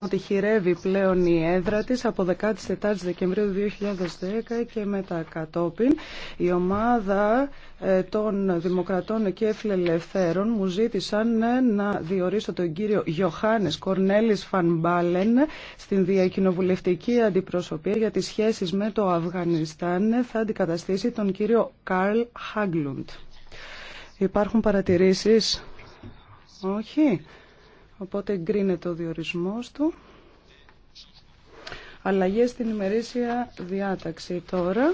ότι χειρεύει πλέον η έδρα της από 14 Δεκεμβρίου 2010 και μετά κατόπιν. Η ομάδα ε, των Δημοκρατών και Φιλελευθέρων μου ζήτησαν ε, να διορίσω τον κύριο Γιωχάνες Κορνέλης Φανμπάλεν στην διακοινοβουλευτική αντιπροσωπεία για τις σχέσεις με το Αφγανιστάν θα αντικαταστήσει τον κύριο Καρλ Χάγκλουντ. Υπάρχουν παρατηρήσεις. Όχι. Οπότε εγκρίνεται ο διορισμός του. Αλλαγές στην ημερήσια διάταξη τώρα.